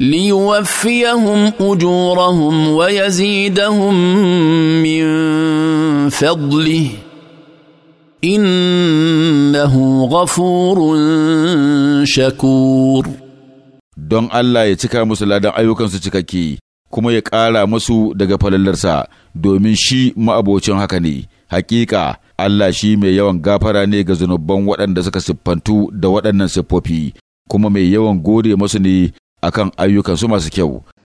ليوفيهم اجورهم ويزيدهم من فضله انه غفور شكور don Allah ya cika musu ladan ayyukansu cikakke kuma ya ƙara musu daga falallarsa domin shi ma'abocin haka ne hakika Allah shi mai yawan gafara ne ga zunuban waɗanda suka siffantu da waɗannan siffofi kuma mai yawan gode masu ne akan ayyukansu masu kyau